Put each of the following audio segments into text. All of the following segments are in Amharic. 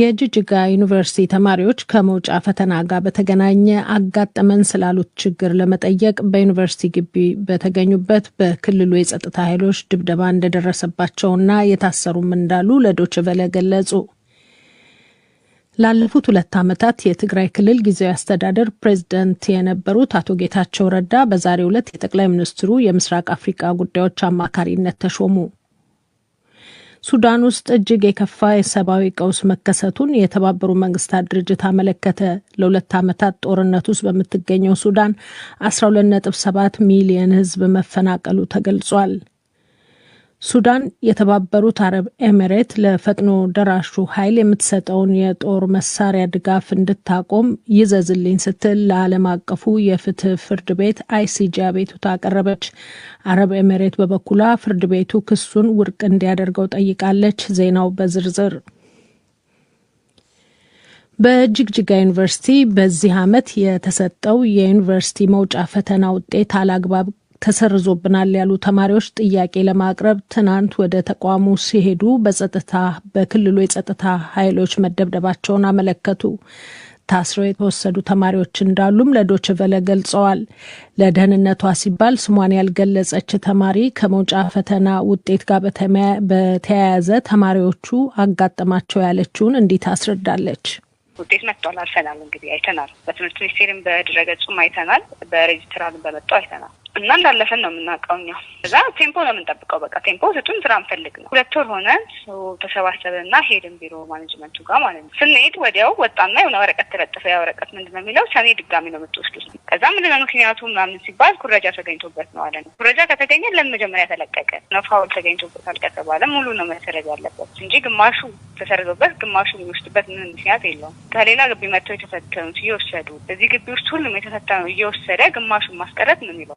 የጅጅጋ ዩኒቨርሲቲ ተማሪዎች ከመውጫ ፈተና ጋር በተገናኘ አጋጠመን ስላሉት ችግር ለመጠየቅ በዩኒቨርሲቲ ግቢ በተገኙበት በክልሉ የጸጥታ ኃይሎች ድብደባ እንደደረሰባቸውና የታሰሩም እንዳሉ ለዶችቨለ ገለጹ። ላለፉት ሁለት ዓመታት የትግራይ ክልል ጊዜያዊ አስተዳደር ፕሬዝደንት የነበሩት አቶ ጌታቸው ረዳ በዛሬው ዕለት የጠቅላይ ሚኒስትሩ የምስራቅ አፍሪካ ጉዳዮች አማካሪነት ተሾሙ። ሱዳን ውስጥ እጅግ የከፋ የሰብአዊ ቀውስ መከሰቱን የተባበሩ መንግስታት ድርጅት አመለከተ። ለሁለት ዓመታት ጦርነት ውስጥ በምትገኘው ሱዳን 12.7 ሚሊየን ህዝብ መፈናቀሉ ተገልጿል። ሱዳን የተባበሩት አረብ ኤምሬት ለፈጥኖ ደራሹ ኃይል የምትሰጠውን የጦር መሳሪያ ድጋፍ እንድታቆም ይዘዝልኝ ስትል ለዓለም አቀፉ የፍትህ ፍርድ ቤት አይሲጂ አቤቱታ አቀረበች። አረብ ኤምሬት በበኩሏ ፍርድ ቤቱ ክሱን ውድቅ እንዲያደርገው ጠይቃለች። ዜናው በዝርዝር በጅግጅጋ ዩኒቨርሲቲ በዚህ ዓመት የተሰጠው የዩኒቨርሲቲ መውጫ ፈተና ውጤት አላግባብ ተሰርዞብናል ያሉ ተማሪዎች ጥያቄ ለማቅረብ ትናንት ወደ ተቋሙ ሲሄዱ በጸጥታ በክልሉ የጸጥታ ኃይሎች መደብደባቸውን አመለከቱ። ታስረው የተወሰዱ ተማሪዎች እንዳሉም ለዶችቨለ ገልጸዋል። ለደህንነቷ ሲባል ስሟን ያልገለጸች ተማሪ ከመውጫ ፈተና ውጤት ጋር በተያያዘ ተማሪዎቹ አጋጠማቸው ያለችውን እንዲት አስረዳለች። ውጤት መጥቷል። አልፈናል እንግዲህ አይተናል። በትምህርት ሚኒስቴርም በድረገጹም አይተናል። በሬጅስትራልም በመጣው አይተናል። እና እንዳለፈን ነው የምናውቀው እኛ። እዛ ቴምፖ ነው የምንጠብቀው። በቃ ቴምፖ ስጡን፣ ስራ እንፈልግ ነው። ሁለት ወር ሆነ ተሰባሰብን እና ሄድን ቢሮ ማኔጅመንቱ ጋር ማለት ነው። ስንሄድ ወዲያው ወጣና የሆነ ወረቀት ተለጥፈ፣ ያ ወረቀት ምንድን ነው የሚለው ሰኔ ድጋሚ ነው የምትወስዱት። ከዛ ምንድን ነው ምክንያቱ ምናምን ሲባል ኩረጃ ተገኝቶበት ነው አለ ነው። ኩረጃ ከተገኘ ለምን መጀመሪያ ተለቀቀ ነው? ፋውል ተገኝቶበታል ከተባለ ሙሉ ነው መሰረዝ ያለበት እንጂ ግማሹ ተሰርዞበት ግማሹ የሚወስድበት ምን ምክንያት የለውም። ከሌላ ግቢ መጥተው የተፈተኑት እየወሰዱ እዚህ ግቢ ውስጥ ሁሉም የተፈተነው እየወሰደ ግማሹን ማስቀረት ነው የሚለው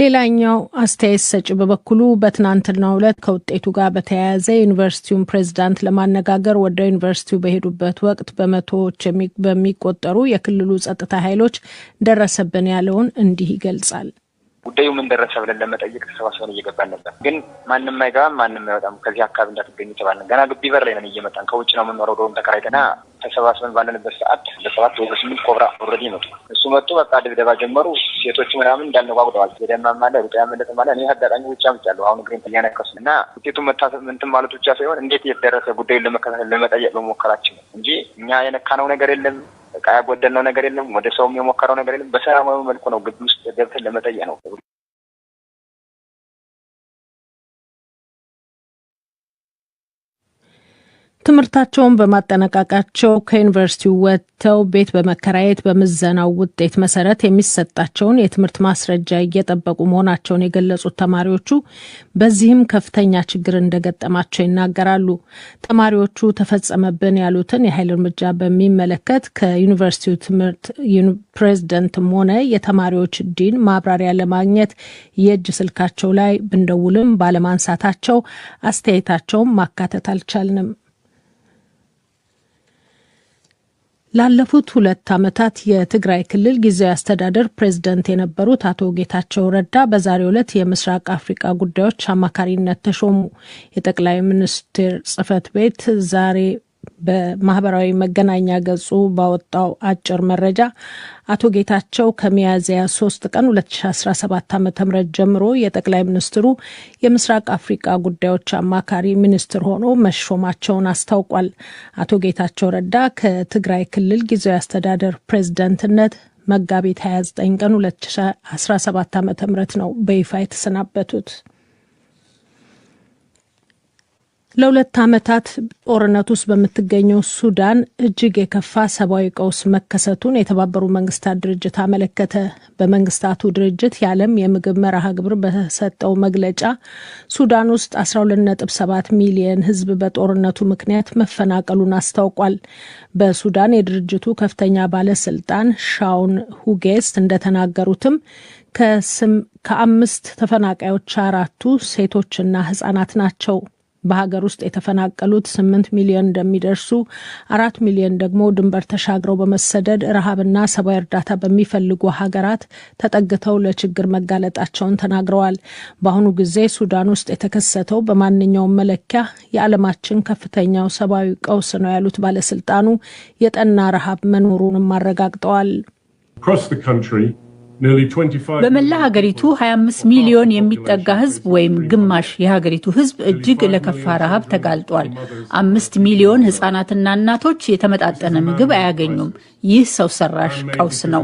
ሌላኛው አስተያየት ሰጪ በበኩሉ በትናንትናው ዕለት ከውጤቱ ጋር በተያያዘ ዩኒቨርሲቲውን ፕሬዚዳንት ለማነጋገር ወደ ዩኒቨርሲቲው በሄዱበት ወቅት በመቶዎች በሚቆጠሩ የክልሉ ጸጥታ ኃይሎች ደረሰብን ያለውን እንዲህ ይገልጻል። ጉዳዩ ምን ደረሰ ብለን ለመጠየቅ ተሰባስበን እየገባን ነበር። ግን ማንም አይገባም፣ ማንም አይወጣም፣ ከዚህ አካባቢ እንዳትገኙ ተባልን። ገና ግቢ በር ላይ ነን እየመጣን ከውጭ ነው የምንኖረው። ዶም ተከራይተና ተሰባስበን ባለንበት ሰዓት በሰባት ወይ ስምንት ኮብራ ኦልሬዲ መጡ። እሱ መጡ፣ በቃ ድብደባ ጀመሩ። ሴቶቹ ምናምን እንዳልነጓጉደዋል። ገደማም ማለ ሩጣ ያመለጥም ማለ እኔ አጋጣሚ ውጭ አምጫለሁ። አሁን እግሬን እያነከሱ እና ውጤቱ መታሰብ ምንትን ማለት ብቻ ሳይሆን እንዴት የተደረሰ ጉዳዩን ለመከታተል ለመጠየቅ በሞከራችን ነው እንጂ እኛ የነካነው ነገር የለም እቃ ያጎደልነው ነገር የለም። ወደ ሰውም የሞከረው ነገር የለም። በሰላማዊ መልኩ ነው ግቢ ውስጥ ገብተን ለመጠየቅ ነው። ትምህርታቸውን በማጠናቀቃቸው ከዩኒቨርሲቲው ወጥተው ቤት በመከራየት በምዘናው ውጤት መሰረት የሚሰጣቸውን የትምህርት ማስረጃ እየጠበቁ መሆናቸውን የገለጹት ተማሪዎቹ በዚህም ከፍተኛ ችግር እንደገጠማቸው ይናገራሉ። ተማሪዎቹ ተፈጸመብን ያሉትን የኃይል እርምጃ በሚመለከት ከዩኒቨርሲቲው ትምህርት ፕሬዝደንትም ሆነ የተማሪዎች ዲን ማብራሪያ ለማግኘት የእጅ ስልካቸው ላይ ብንደውልም ባለማንሳታቸው አስተያየታቸውን ማካተት አልቻልንም። ላለፉት ሁለት ዓመታት የትግራይ ክልል ጊዜያዊ አስተዳደር ፕሬዝደንት የነበሩት አቶ ጌታቸው ረዳ በዛሬው ዕለት የምስራቅ አፍሪካ ጉዳዮች አማካሪነት ተሾሙ። የጠቅላይ ሚኒስትር ጽፈት ቤት ዛሬ በማህበራዊ መገናኛ ገጹ ባወጣው አጭር መረጃ አቶ ጌታቸው ከሚያዝያ 3 ቀን 2017 ዓ ም ጀምሮ የጠቅላይ ሚኒስትሩ የምስራቅ አፍሪቃ ጉዳዮች አማካሪ ሚኒስትር ሆኖ መሾማቸውን አስታውቋል። አቶ ጌታቸው ረዳ ከትግራይ ክልል ጊዜያዊ አስተዳደር ፕሬዝደንትነት መጋቢት 29 ቀን 2017 ዓ ም ነው በይፋ የተሰናበቱት። ለሁለት ዓመታት ጦርነት ውስጥ በምትገኘው ሱዳን እጅግ የከፋ ሰብአዊ ቀውስ መከሰቱን የተባበሩት መንግስታት ድርጅት አመለከተ። በመንግስታቱ ድርጅት የዓለም የምግብ መርሃ ግብር በሰጠው መግለጫ ሱዳን ውስጥ 12.7 ሚሊየን ህዝብ በጦርነቱ ምክንያት መፈናቀሉን አስታውቋል። በሱዳን የድርጅቱ ከፍተኛ ባለስልጣን ሻውን ሁጌስት እንደተናገሩትም ከአምስት ተፈናቃዮች አራቱ ሴቶችና ህጻናት ናቸው። በሀገር ውስጥ የተፈናቀሉት ስምንት ሚሊዮን እንደሚደርሱ አራት ሚሊዮን ደግሞ ድንበር ተሻግረው በመሰደድ ረሃብና ሰብአዊ እርዳታ በሚፈልጉ ሀገራት ተጠግተው ለችግር መጋለጣቸውን ተናግረዋል። በአሁኑ ጊዜ ሱዳን ውስጥ የተከሰተው በማንኛውም መለኪያ የዓለማችን ከፍተኛው ሰብአዊ ቀውስ ነው ያሉት ባለስልጣኑ የጠና ረሃብ መኖሩንም አረጋግጠዋል። በመላ ሀገሪቱ 25 ሚሊዮን የሚጠጋ ህዝብ ወይም ግማሽ የሀገሪቱ ህዝብ እጅግ ለከፋ ረሃብ ተጋልጧል። አምስት ሚሊዮን ህጻናትና እናቶች የተመጣጠነ ምግብ አያገኙም። ይህ ሰው ሰራሽ ቀውስ ነው።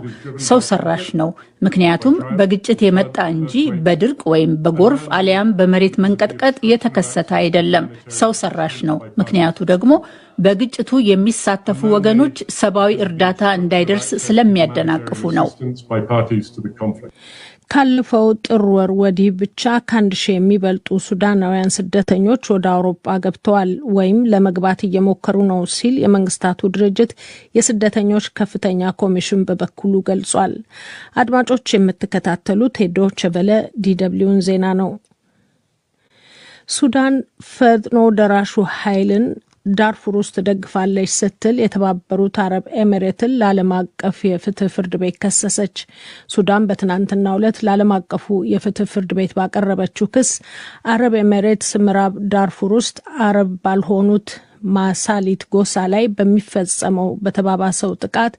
ሰው ሰራሽ ነው ምክንያቱም በግጭት የመጣ እንጂ በድርቅ ወይም በጎርፍ አሊያም በመሬት መንቀጥቀጥ የተከሰተ አይደለም። ሰው ሰራሽ ነው ምክንያቱ ደግሞ በግጭቱ የሚሳተፉ ወገኖች ሰብአዊ እርዳታ እንዳይደርስ ስለሚያደናቅፉ ነው። ካለፈው ጥር ወር ወዲህ ብቻ ከአንድ ሺህ የሚበልጡ ሱዳናውያን ስደተኞች ወደ አውሮፓ ገብተዋል ወይም ለመግባት እየሞከሩ ነው ሲል የመንግስታቱ ድርጅት የስደተኞች ከፍተኛ ኮሚሽን በበኩሉ ገልጿል። አድማጮች የምትከታተሉት ዶይቼ ቬለ ዲደብሊውን ዜና ነው። ሱዳን ፈጥኖ ደራሹ ኃይልን ዳርፉር ውስጥ ደግፋለች ስትል የተባበሩት አረብ ኤሚሬትን ለዓለም አቀፍ የፍትህ ፍርድ ቤት ከሰሰች። ሱዳን በትናንትናው ዕለት ለዓለም አቀፉ የፍትህ ፍርድ ቤት ባቀረበችው ክስ አረብ ኤሚሬትስ ምዕራብ ዳርፉር ውስጥ አረብ ባልሆኑት ማሳሊት ጎሳ ላይ በሚፈጸመው በተባባሰው ጥቃት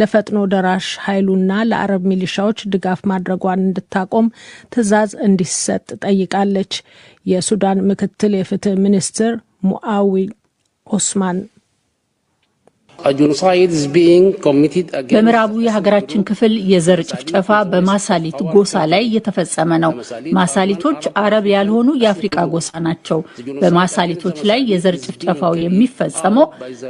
ለፈጥኖ ደራሽ ኃይሉና ለአረብ ሚሊሻዎች ድጋፍ ማድረጓን እንድታቆም ትዕዛዝ እንዲሰጥ ጠይቃለች። የሱዳን ምክትል የፍትህ ሚኒስትር ሙአዊ ኦስማን በምዕራቡ የሀገራችን ክፍል የዘር ጭፍጨፋ በማሳሊት ጎሳ ላይ እየተፈጸመ ነው። ማሳሊቶች አረብ ያልሆኑ የአፍሪቃ ጎሳ ናቸው። በማሳሊቶች ላይ የዘር ጭፍጨፋው የሚፈጸመው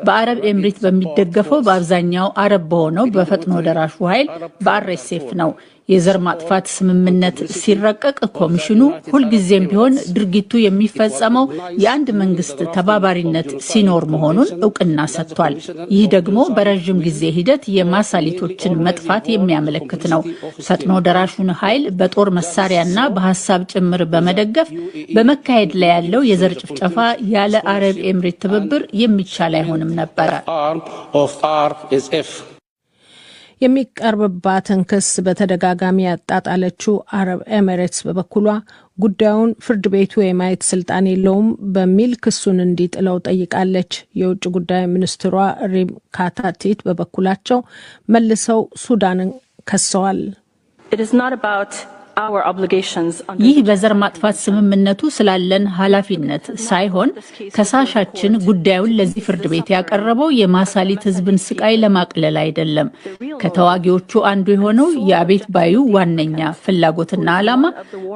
በአረብ ኤምሪት በሚደገፈው በአብዛኛው አረብ በሆነው በፈጥኖ ደራሹ ኃይል በአርኤስኤፍ ነው። የዘር ማጥፋት ስምምነት ሲረቀቅ ኮሚሽኑ ሁልጊዜም ቢሆን ድርጊቱ የሚፈጸመው የአንድ መንግስት ተባባሪነት ሲኖር መሆኑን እውቅና ሰጥቷል። ይህ ደግሞ በረዥም ጊዜ ሂደት የማሳሊቶችን መጥፋት የሚያመለክት ነው። ፈጥኖ ደራሹን ኃይል በጦር መሳሪያና በሀሳብ ጭምር በመደገፍ በመካሄድ ላይ ያለው የዘር ጭፍጨፋ ያለ አረብ ኤምሬት ትብብር የሚቻል አይሆንም ነበረ። የሚቀርብባትን ክስ በተደጋጋሚ ያጣጣለችው አረብ ኤሚሬትስ በበኩሏ ጉዳዩን ፍርድ ቤቱ የማየት ስልጣን የለውም በሚል ክሱን እንዲጥለው ጠይቃለች። የውጭ ጉዳይ ሚኒስትሯ ሪም ካታቲት በበኩላቸው መልሰው ሱዳንን ከሰዋል። ይህ በዘር ማጥፋት ስምምነቱ ስላለን ኃላፊነት ሳይሆን ከሳሻችን ጉዳዩን ለዚህ ፍርድ ቤት ያቀረበው የማሳሊት ሕዝብን ስቃይ ለማቅለል አይደለም። ከተዋጊዎቹ አንዱ የሆነው የአቤት ባዩ ዋነኛ ፍላጎትና ዓላማ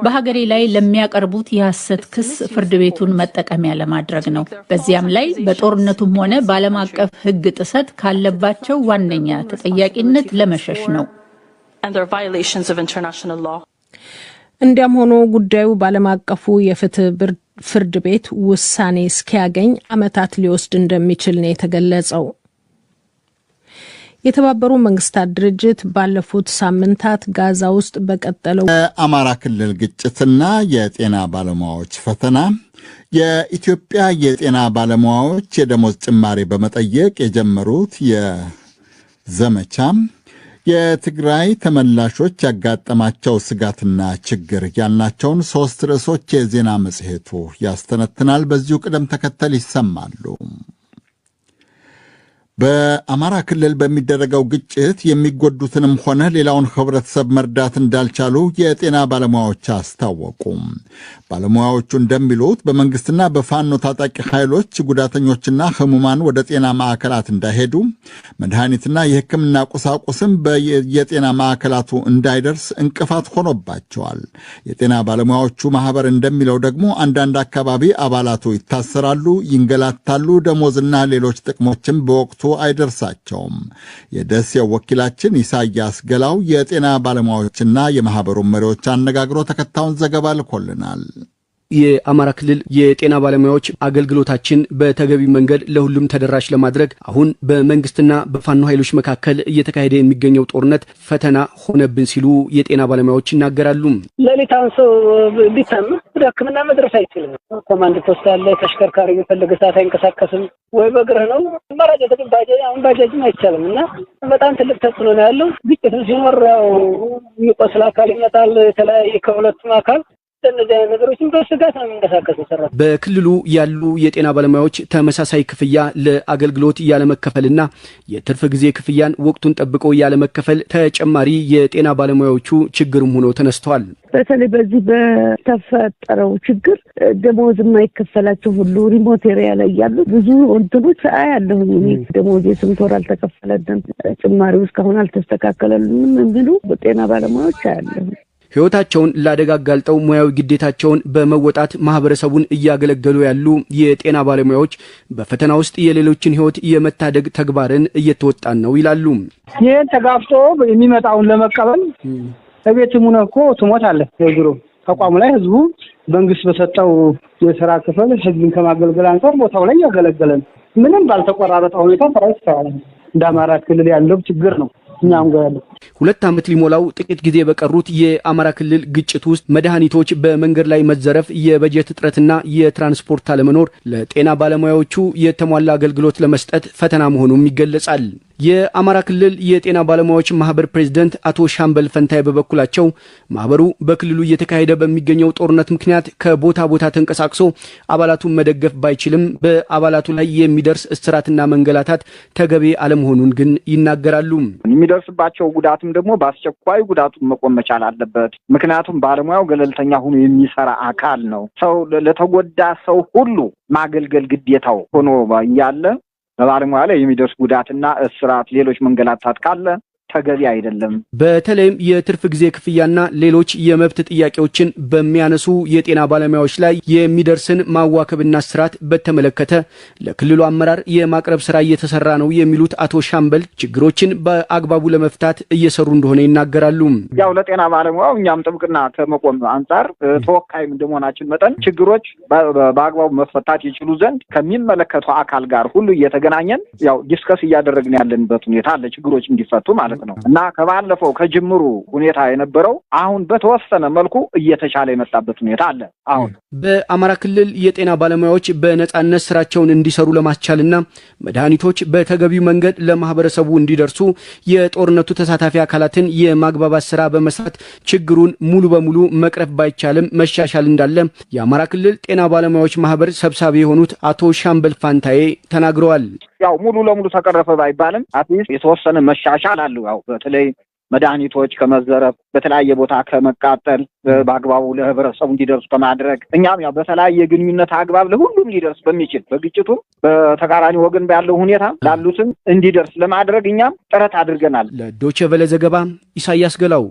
በሀገሬ ላይ ለሚያቀርቡት የሐሰት ክስ ፍርድ ቤቱን መጠቀሚያ ለማድረግ ነው። በዚያም ላይ በጦርነቱም ሆነ በዓለም አቀፍ ሕግ ጥሰት ካለባቸው ዋነኛ ተጠያቂነት ለመሸሽ ነው። እንዲያም ሆኖ ጉዳዩ በዓለም አቀፉ የፍትህ ፍርድ ቤት ውሳኔ እስኪያገኝ ዓመታት ሊወስድ እንደሚችል ነው የተገለጸው። የተባበሩ መንግስታት ድርጅት ባለፉት ሳምንታት ጋዛ ውስጥ በቀጠለው የአማራ ክልል ግጭትና የጤና ባለሙያዎች ፈተና የኢትዮጵያ የጤና ባለሙያዎች የደሞዝ ጭማሪ በመጠየቅ የጀመሩት የዘመቻም የትግራይ ተመላሾች ያጋጠማቸው ስጋትና ችግር ያልናቸውን ሶስት ርዕሶች የዜና መጽሔቱ ያስተነትናል። በዚሁ ቅደም ተከተል ይሰማሉ። በአማራ ክልል በሚደረገው ግጭት የሚጎዱትንም ሆነ ሌላውን ህብረተሰብ መርዳት እንዳልቻሉ የጤና ባለሙያዎች አስታወቁ። ባለሙያዎቹ እንደሚሉት በመንግስትና በፋኖ ታጣቂ ኃይሎች ጉዳተኞችና ህሙማን ወደ ጤና ማዕከላት እንዳይሄዱ፣ መድኃኒትና የህክምና ቁሳቁስም በየጤና ማዕከላቱ እንዳይደርስ እንቅፋት ሆኖባቸዋል። የጤና ባለሙያዎቹ ማህበር እንደሚለው ደግሞ አንዳንድ አካባቢ አባላቱ ይታሰራሉ፣ ይንገላታሉ፣ ደሞዝና ሌሎች ጥቅሞችም በወቅቱ አይደርሳቸውም። የደሴው ወኪላችን ኢሳያስ ገላው የጤና ባለሙያዎችና የማኅበሩን መሪዎች አነጋግሮ ተከታዩን ዘገባ ልኮልናል። የአማራ ክልል የጤና ባለሙያዎች አገልግሎታችን በተገቢ መንገድ ለሁሉም ተደራሽ ለማድረግ አሁን በመንግስትና በፋኖ ኃይሎች መካከል እየተካሄደ የሚገኘው ጦርነት ፈተና ሆነብን ሲሉ የጤና ባለሙያዎች ይናገራሉ። ሌሊት አሁን ሰው ቢታም ወደ ሕክምና መድረስ አይችልም። ኮማንድ ፖስት አለ። ተሽከርካሪ የሚፈልግ ሰዓት አይንቀሳቀስም። ወይ በእግርህ ነው መራጭ ተግ አሁን ባጃጅም አይቻልም እና በጣም ትልቅ ተጽዕኖ ነው ያለው። ግጭትም ሲኖር ያው የሚቆስል አካል ይመጣል። የተለያየ ከሁለቱም አካል በክልሉ ያሉ የጤና ባለሙያዎች ተመሳሳይ ክፍያ ለአገልግሎት ያለመከፈልና የትርፍ ጊዜ ክፍያን ወቅቱን ጠብቆ ያለመከፈል ተጨማሪ የጤና ባለሙያዎቹ ችግርም ሆኖ ተነስተዋል። በተለይ በዚህ በተፈጠረው ችግር ደሞዝ የማይከፈላቸው ሁሉ ሪሞት ኤሪያ ላይ ያሉ ብዙ ወንትኖች አያለሁኝ እኔ ደሞዝ የስንት ወር አልተከፈለንም፣ ጭማሪው እስካሁን አልተስተካከለልንም የሚሉ ጤና ባለሙያዎች አያለሁ። ህይወታቸውን ላደጋጋልጠው አጋልጠው ሙያዊ ግዴታቸውን በመወጣት ማህበረሰቡን እያገለገሉ ያሉ የጤና ባለሙያዎች በፈተና ውስጥ የሌሎችን ህይወት የመታደግ ተግባርን እየተወጣን ነው ይላሉ። ይህን ተጋፍጦ የሚመጣውን ለመቀበል ከቤት ሙነ እኮ ትሞት አለ ችግሩ ተቋሙ ላይ ህዝቡ መንግስት በሰጠው የስራ ክፍል ህዝብን ከማገልገል አንጻር ቦታው ላይ ያገለገለን ምንም ባልተቆራረጠ ሁኔታ ስራ ይሰራል። እንደ አማራ ክልል ያለው ችግር ነው። እኛም ጋር ያለው ሁለት ዓመት ሊሞላው ጥቂት ጊዜ በቀሩት የአማራ ክልል ግጭት ውስጥ መድኃኒቶች በመንገድ ላይ መዘረፍ፣ የበጀት እጥረትና የትራንስፖርት አለመኖር ለጤና ባለሙያዎቹ የተሟላ አገልግሎት ለመስጠት ፈተና መሆኑም ይገለጻል። የአማራ ክልል የጤና ባለሙያዎች ማህበር ፕሬዝደንት አቶ ሻምበል ፈንታይ በበኩላቸው ማህበሩ በክልሉ እየተካሄደ በሚገኘው ጦርነት ምክንያት ከቦታ ቦታ ተንቀሳቅሶ አባላቱን መደገፍ ባይችልም በአባላቱ ላይ የሚደርስ እስራትና መንገላታት ተገቢ አለመሆኑን ግን ይናገራሉ። የሚደርስባቸው ጉዳትም ደግሞ በአስቸኳይ ጉዳቱ መቆም መቻል አለበት። ምክንያቱም ባለሙያው ገለልተኛ ሆኖ የሚሰራ አካል ነው። ሰው ለተጎዳ ሰው ሁሉ ማገልገል ግዴታው ሆኖ እያለ በባለሙያ ላይ የሚደርስ ጉዳትና እስራት፣ ሌሎች መንገላታት ካለ ተገቢ አይደለም። በተለይም የትርፍ ጊዜ ክፍያና ሌሎች የመብት ጥያቄዎችን በሚያነሱ የጤና ባለሙያዎች ላይ የሚደርስን ማዋከብና ስርዓት በተመለከተ ለክልሉ አመራር የማቅረብ ስራ እየተሰራ ነው የሚሉት አቶ ሻምበል ችግሮችን በአግባቡ ለመፍታት እየሰሩ እንደሆነ ይናገራሉ። ያው ለጤና ባለሙያው እኛም ጥብቅና ከመቆም አንጻር ተወካይም እንደመሆናችን መጠን ችግሮች በአግባቡ መፈታት ይችሉ ዘንድ ከሚመለከቱ አካል ጋር ሁሉ እየተገናኘን ያው ዲስከስ እያደረግን ያለንበት ሁኔታ አለ፣ ችግሮች እንዲፈቱ ማለት ነው። ነው እና ከባለፈው ከጅምሩ ሁኔታ የነበረው አሁን በተወሰነ መልኩ እየተሻለ የመጣበት ሁኔታ አለ። አሁን በአማራ ክልል የጤና ባለሙያዎች በነጻነት ስራቸውን እንዲሰሩ ለማስቻልና መድኃኒቶች በተገቢው መንገድ ለማህበረሰቡ እንዲደርሱ የጦርነቱ ተሳታፊ አካላትን የማግባባት ስራ በመስራት ችግሩን ሙሉ በሙሉ መቅረፍ ባይቻልም መሻሻል እንዳለ የአማራ ክልል ጤና ባለሙያዎች ማህበር ሰብሳቢ የሆኑት አቶ ሻምበል ፋንታዬ ተናግረዋል። ያው ሙሉ ለሙሉ ተቀረፈ ባይባልም አትሊስት የተወሰነ መሻሻል አለ። የሚሰራው በተለይ መድኃኒቶች ከመዘረፍ በተለያየ ቦታ ከመቃጠል በአግባቡ ለህብረተሰቡ እንዲደርሱ ከማድረግ እኛም ያው በተለያየ ግንኙነት አግባብ ለሁሉም ሊደርስ በሚችል በግጭቱም በተቃራኒ ወገን ባለው ሁኔታ ላሉትም እንዲደርስ ለማድረግ እኛም ጥረት አድርገናል። ለዶቼ ቬለ ዘገባ ኢሳያስ ገላው።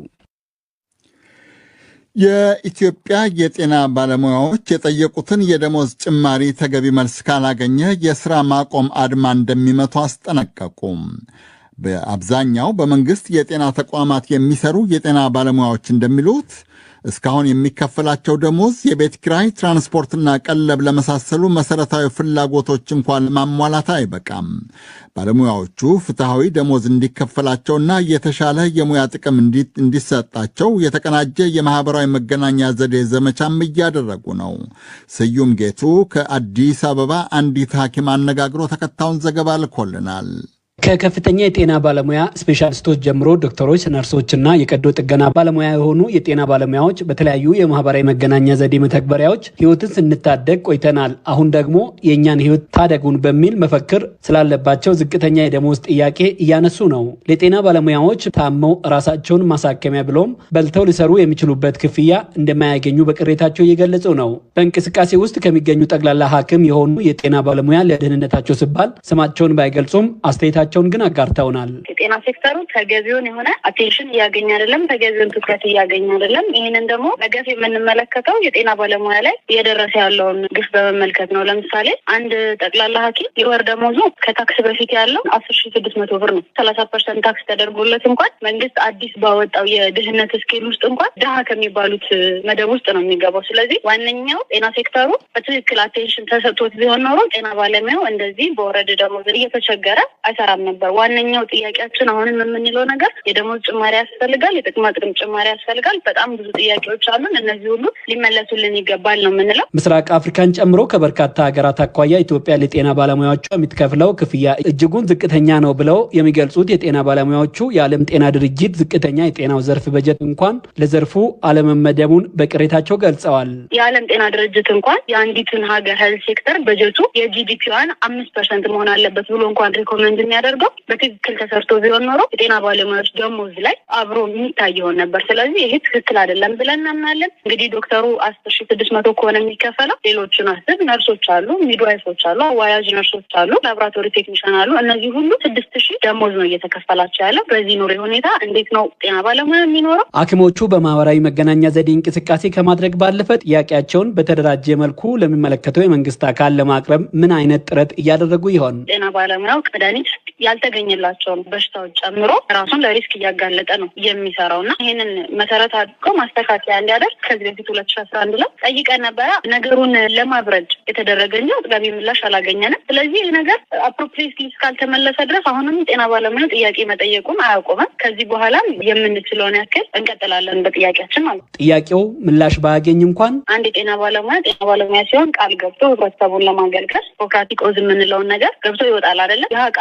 የኢትዮጵያ የጤና ባለሙያዎች የጠየቁትን የደሞዝ ጭማሪ ተገቢ መልስ ካላገኘ የሥራ ማቆም አድማ እንደሚመቱ አስጠነቀቁም። በአብዛኛው በመንግስት የጤና ተቋማት የሚሰሩ የጤና ባለሙያዎች እንደሚሉት እስካሁን የሚከፈላቸው ደሞዝ የቤት ኪራይ፣ ትራንስፖርትና ቀለብ ለመሳሰሉ መሰረታዊ ፍላጎቶች እንኳን ለማሟላት አይበቃም። ባለሙያዎቹ ፍትሐዊ ደሞዝ እንዲከፈላቸውና የተሻለ የሙያ ጥቅም እንዲሰጣቸው የተቀናጀ የማህበራዊ መገናኛ ዘዴ ዘመቻም እያደረጉ ነው። ስዩም ጌቱ ከአዲስ አበባ አንዲት ሐኪም አነጋግሮ ተከታዩን ዘገባ ልኮልናል። ከከፍተኛ የጤና ባለሙያ ስፔሻሊስቶች ጀምሮ ዶክተሮች፣ ነርሶችና የቀዶ ጥገና ባለሙያ የሆኑ የጤና ባለሙያዎች በተለያዩ የማህበራዊ መገናኛ ዘዴ መተግበሪያዎች ህይወትን ስንታደግ ቆይተናል። አሁን ደግሞ የእኛን ህይወት ታደጉን በሚል መፈክር ስላለባቸው ዝቅተኛ የደሞዝ ጥያቄ እያነሱ ነው። ለጤና ባለሙያዎች ታመው ራሳቸውን ማሳከሚያ ብሎም በልተው ሊሰሩ የሚችሉበት ክፍያ እንደማያገኙ በቅሬታቸው እየገለጹ ነው። በእንቅስቃሴ ውስጥ ከሚገኙ ጠቅላላ ሐኪም የሆኑ የጤና ባለሙያ ለደህንነታቸው ሲባል ስማቸውን ባይገልጹም አስተያየታቸው ሀሳባቸውን ግን አጋርተውናል። የጤና ሴክተሩ ተገቢውን የሆነ አቴንሽን እያገኘ አይደለም፣ ተገቢውን ትኩረት እያገኘ አይደለም። ይህንን ደግሞ በገፍ የምንመለከተው የጤና ባለሙያ ላይ እየደረሰ ያለውን ግፍ በመመልከት ነው። ለምሳሌ አንድ ጠቅላላ ሐኪም የወር ደመወዙ ከታክስ በፊት ያለው አስር ሺ ስድስት መቶ ብር ነው። ሰላሳ ፐርሰንት ታክስ ተደርጎለት እንኳን መንግስት አዲስ ባወጣው የድህነት ስኬል ውስጥ እንኳን ድሀ ከሚባሉት መደብ ውስጥ ነው የሚገባው። ስለዚህ ዋነኛው ጤና ሴክተሩ በትክክል አቴንሽን ተሰጥቶት ቢሆን ኖሮ ጤና ባለሙያው እንደዚህ በወረድ ደመወዝ እየተቸገረ አይሰራም ነበር። ዋነኛው ጥያቄ ሁላችን አሁንም የምንለው ነገር የደሞዝ ጭማሪ ያስፈልጋል፣ የጥቅማ ጥቅም ጭማሪ ያስፈልጋል። በጣም ብዙ ጥያቄዎች አሉን። እነዚህ ሁሉ ሊመለሱልን ይገባል ነው የምንለው። ምስራቅ አፍሪካን ጨምሮ ከበርካታ ሀገራት አኳያ ኢትዮጵያ ለጤና ባለሙያዎቹ የምትከፍለው ክፍያ እጅጉን ዝቅተኛ ነው ብለው የሚገልጹት የጤና ባለሙያዎቹ የዓለም ጤና ድርጅት ዝቅተኛ የጤናው ዘርፍ በጀት እንኳን ለዘርፉ አለመመደቡን በቅሬታቸው ገልጸዋል። የዓለም ጤና ድርጅት እንኳን የአንዲትን ሀገር ሄልት ሴክተር በጀቱ የጂዲፒዋን አምስት ፐርሰንት መሆን አለበት ብሎ እንኳን ሪኮመንድ የሚያደርገው በትክክል ተሰርቶ ቢሆን ኖሮ የጤና ባለሙያዎች ደሞዝ ላይ አብሮ የሚታይ ይሆን ነበር። ስለዚህ ይሄ ትክክል አይደለም ብለን እናምናለን። እንግዲህ ዶክተሩ አስር ሺ ስድስት መቶ ከሆነ የሚከፈለው ሌሎቹን አስብ ነርሶች አሉ፣ ሚድዋይፎች አሉ፣ አዋያጅ ነርሶች አሉ፣ ላብራቶሪ ቴክኒሻን አሉ። እነዚህ ሁሉ ስድስት ሺ ደሞዝ ነው እየተከፈላቸው ያለው። በዚህ ኑሮ ሁኔታ እንዴት ነው ጤና ባለሙያ የሚኖረው? ሐኪሞቹ በማህበራዊ መገናኛ ዘዴ እንቅስቃሴ ከማድረግ ባለፈ ጥያቄያቸውን በተደራጀ መልኩ ለሚመለከተው የመንግስት አካል ለማቅረብ ምን አይነት ጥረት እያደረጉ ይሆን? ጤና ባለሙያው መድኃኒት ያልተገኘላቸውን በሽታዎች ጨምሮ ራሱን ለሪስክ እያጋለጠ ነው የሚሰራው እና ይህንን መሰረት አድርጎ ማስተካከያ እንዲያደርግ ከዚህ በፊት ሁለት ሺ አስራ አንድ ላይ ጠይቀን ነበረ። ነገሩን ለማብረድ የተደረገ እንጂ አጥጋቢ ምላሽ አላገኘንም። ስለዚህ ይህ ነገር አፕሮፕሬት እስካልተመለሰ ድረስ አሁንም ጤና ባለሙያ ጥያቄ መጠየቁን አያቆምም። ከዚህ በኋላም የምንችለውን ያክል እንቀጥላለን በጥያቄያችን ማለት ነው። ጥያቄው ምላሽ ባያገኝ እንኳን አንድ የጤና ባለሙያ ጤና ባለሙያ ሲሆን ቃል ገብቶ ህብረተሰቡን ለማገልገል ኦካቲቆዝ የምንለውን ነገር ገብቶ ይወጣል አይደለም